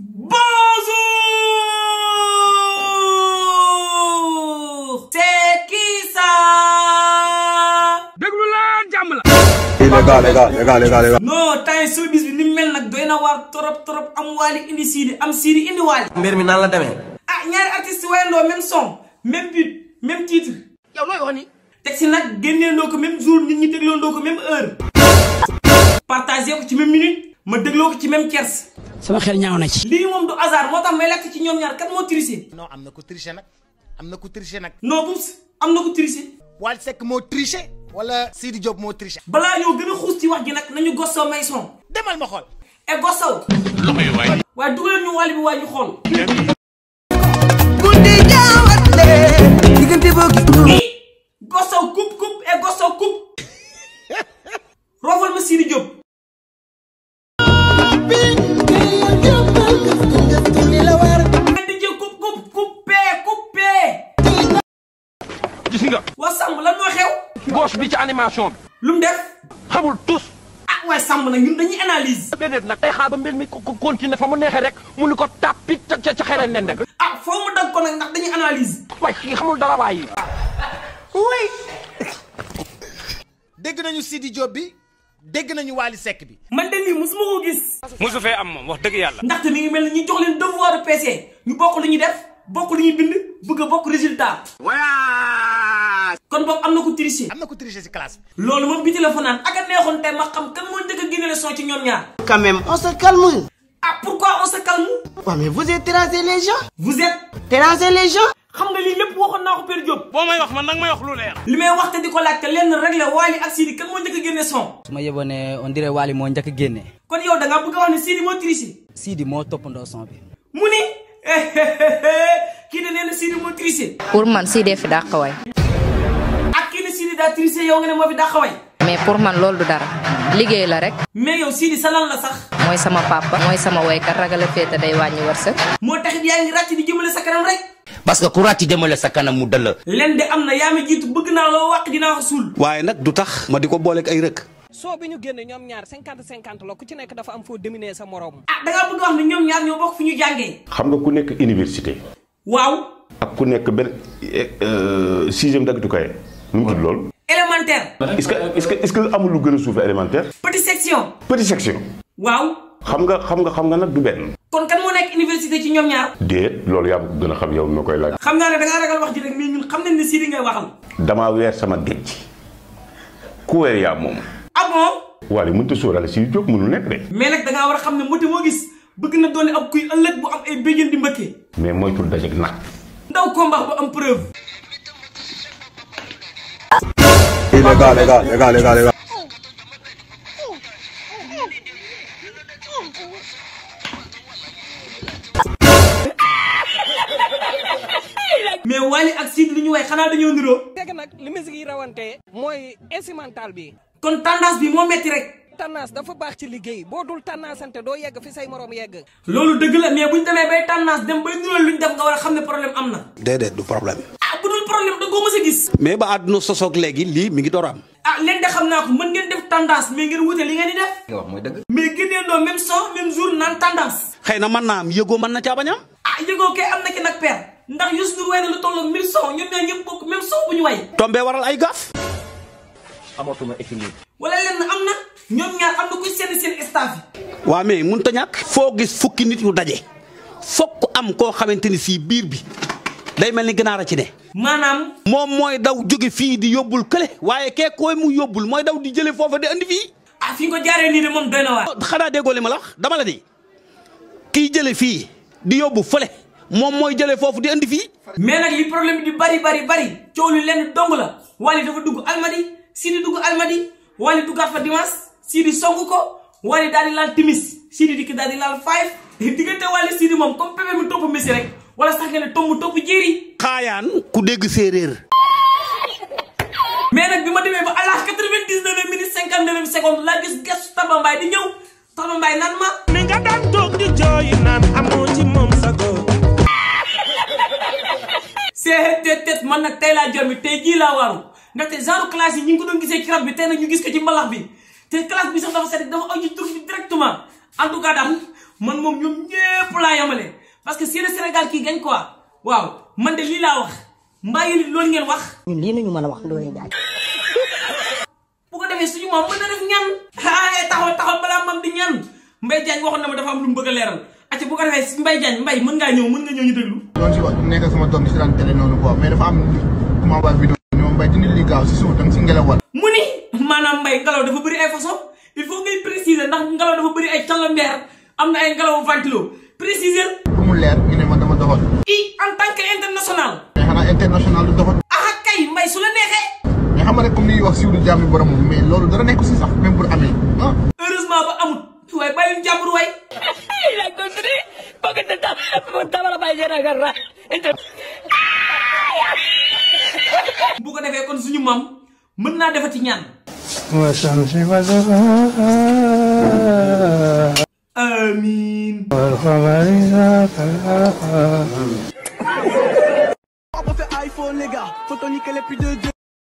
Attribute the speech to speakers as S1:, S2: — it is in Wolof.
S1: Bonjour c'est qui ça. déglu leen jàmm la. les gars les gars les mel nag doy na waar torop torop am waali indi siidi am siidi indi waali. mbir mi nan la demee. ah ñaari artistes wayandoo même son même but même titre. yow looy wax ni. teg si nag génneendoo ko même jour nit ñi dégloondoo ko même heure. partagé ko ci même minute ma dégloo ko ci même kersi. sama xel ñaaw na ci. lii moom du hasard moo tax may lakk ci ñoom ñaar kat moo triché. no am na ko triché nag am na ko triché nag. non am na ko triché. Wally Seck moo triché. wala Sidi Diop moo triché. balaa ñoo gën a xuus ci wax ji nag nañu Gosow may son. demal ma xool. e Gosow. waaye dugal ñu wàll bi waa ñu xool. guddi jaawale. diggante boog. i Gosow coupe coupe e Gosow coupe. roofal ma Sidi Diop. animation bi. lu mu def. xamul tous. ah waaye sàmm nag ñun dañuy analyse. déedéet nag day xaar ba mbir mi continuer fa mu neexee rek mu ni ko tàppi ca ca xereñ leen rek. ah foo mu dag ko nag ndax dañuy analyse. waaye kii xamul dara waay yi. dégg nañu Sidi Diop bi dégg nañu Wally Seck bi. man de lii mosuma ko gis. am moom wax dëgg yàlla. ndaxte mi ngi mel ni ñu jox leen devoir PC ñu bokk lu ñuy def bokk lu ñuy bind bëgg a bokk résultat. kon bok amna ko tricher amna ko tricher ci classe bi. mom moom biti la fa naan ak a neexoon tey ma xam kan moo njëkk a génne leçon ci ñom ñaar. quand même on se calme. ah pourquoi on se calme. waaw mais vous êtes terrassé les gens. vous êtes. terrassé les gens. xam nga li lepp waxon nako Père Diop. bo may wax man nag may wax lu leer. li may wax te diko ko laajte lenn rek la Wally ak Sidi kan moo njëkk a son. suma yebone on dirait wali mo njëkk a kon yow da nga bëgg a wax ne Sidi moo triché. Sidi moo toppandoo son bi. muni ni kii da nee na Sidi moo pour man Sidi fi dàq waay. Cissé yow nga ne moo fi dàqaway mais pour man loolu du dara liggéey la rek. mais yow Sidi sa lan la sax. mooy sama papa. mooy sama woykat ragal a féete day wàññi wërsëg. moo taxit yaa ngi ràcc di jëmale sa kanam rek. parce que ku ràcc jëmale sa kanam mu dal la. leen de am na yaa ma jiitu bëgg naa loo wax dinaa ko suul. waaye nag du tax. ma di ko booleeg ay rëkk. soo bi ñu génne ñoom ñaar cinquante cinquante la ku ci nekk dafa am foo dominer sa morom. ah da ngaa bëgg wax ne ñoom ñaar ñu jàngee. xam nga ku nekk université. waaw. ak ku nekk benn eh, euh, sixième dagg du élémentaire. est-ce que est-ce que est-ce que amul lu élémentaire. petite section. petite section. waaw. xam nga xam nga xam nga kan moo nekk université ci ñoom ñaar. déet loolu yaa gën a xam yow koy laaj. xam naa ne da ngaa ragal wax ji rek mais ñun xam nañ ne ngay waxal. weer sama géej ku weer yaa moom. ah bon. waaye mënut sóoraale si yu mënul nekk de. mais nag da ngaa war a xam ne moto moo gis bëgg na doone ab kuy ëllëg bu am ay béjjën di mbëkkee. mais dajeeg nag. ndaw combat bu Ih, legal, legal, legal, legal, legal. mais Wally ak ñu way bi. kon tendance bi metti rek. tendance dafa ci dul yegg fi say mais bay tendance dem bay niroo lu def nga a du problème. problème da nga ko a gis. mais ba àdduna sosoog léegi lii mi ngi door am. ah leen de xam naa ko mën ngeen def tendance mais ngeen wute li ngeen di def. li mooy dëgg. mais génneen doo même son même jour naan tendance. xëy na mën naa am yëgoo man na caa bañ a ah yëgoo kay am na ki nag père ndax Youssou Ndour way na lu toll ak 1000 son ñoom ñaar waral ay gaaf. wala am na ñoom ñaar am na ku seen seen staff yi. waa mais mënut a foo gis fukki nit wu daje fokk am koo xamante ni si biir bi day mel ni ginaar a ci ne. maanaam. moom mooy daw jóge fii di yóbbul kële waaye kee koy mu yóbbul mooy daw di jële foofa di andi fii. a ah fii ko jaaree nii de moom doy na waar. Oh, xanaa déggoo li ma la dama la di kiy jële fii di yóbbu fële moom mooy jëlee foofu di andi fii. mais nag li problème bi di bari bari bari coow li lenn dong la Wally dafa dugg almadi Sidi dugg almadi Wally duggaat fa dimanche sii songu ko Wally daal di laal timis Sidi dikk daal di laal five diggante Wally Sidi moom comme pépé mu topp wala sax nga ne tomb topp jéeri xaayaan ku deg serer mais nak bima ma ba à 99 minutes 59 secondes la gis gas Taba mbay di ñew Taba mbay nan ma mi nga dan tok di joy nan amo ci mom sa góor seetet man tay la jomi tay gi la waru nga ndaxte genre classe yi ñu ko doon gisé ci rap bi tay nak ñu gis ko ci malax bi te classe bi sax dafa sét dafa aw tour bi directement en tout cas dal man mom ñom ñepp la yamalé parce que c'est le Sénégal qui gagne quoi waaw man de lii laa wax mbaa yéen loolu ngeen wax. ñun lii nañu mëna wax do Ndoye Ndiaye. bu ko defee suñu mom mëna def ñan. ah eh, taxaw taxaw bala mam di ñan Mbaye Diagne waxoon na ma dafa am lu mu bëgg a leeral bu ko défé Mbaye Diagne Mbaye mën nga ñew mën nga ñew ñu déglu. doon ci wax nekk sama doom ci si télé nonu quoi mais dafa am comment waa vidéo ñom Mbaye dina li gaaw ci suuf tam ci ngelaw wal. muni manam Mbaye dafa bëri ay façon il faut ngay préciser ndax ngelaw dafa bëri ay calambeer amna ay ngelaw ventilo préciser mu leer ñu ne ma dama doxoon i en tant que international mais xanaa international du doxoon ah kay mbay su la neexee mais xam nga rek comme ni wax siwlu jàmmi borom mais loolu dara nekk si sax même pour amee ah heureusement ba amut waaye bàyyil jàmbur waay la gontri bëgg na tam dama la bàyyi ragal ra bu ko defee kon suñu mam mën naa defati ñaan wasan On va faire iPhone les gars, faut photonique elle est plus de deux.